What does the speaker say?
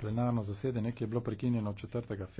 Plenarno zasedanje, ki je bilo prekinjeno 4. februarja.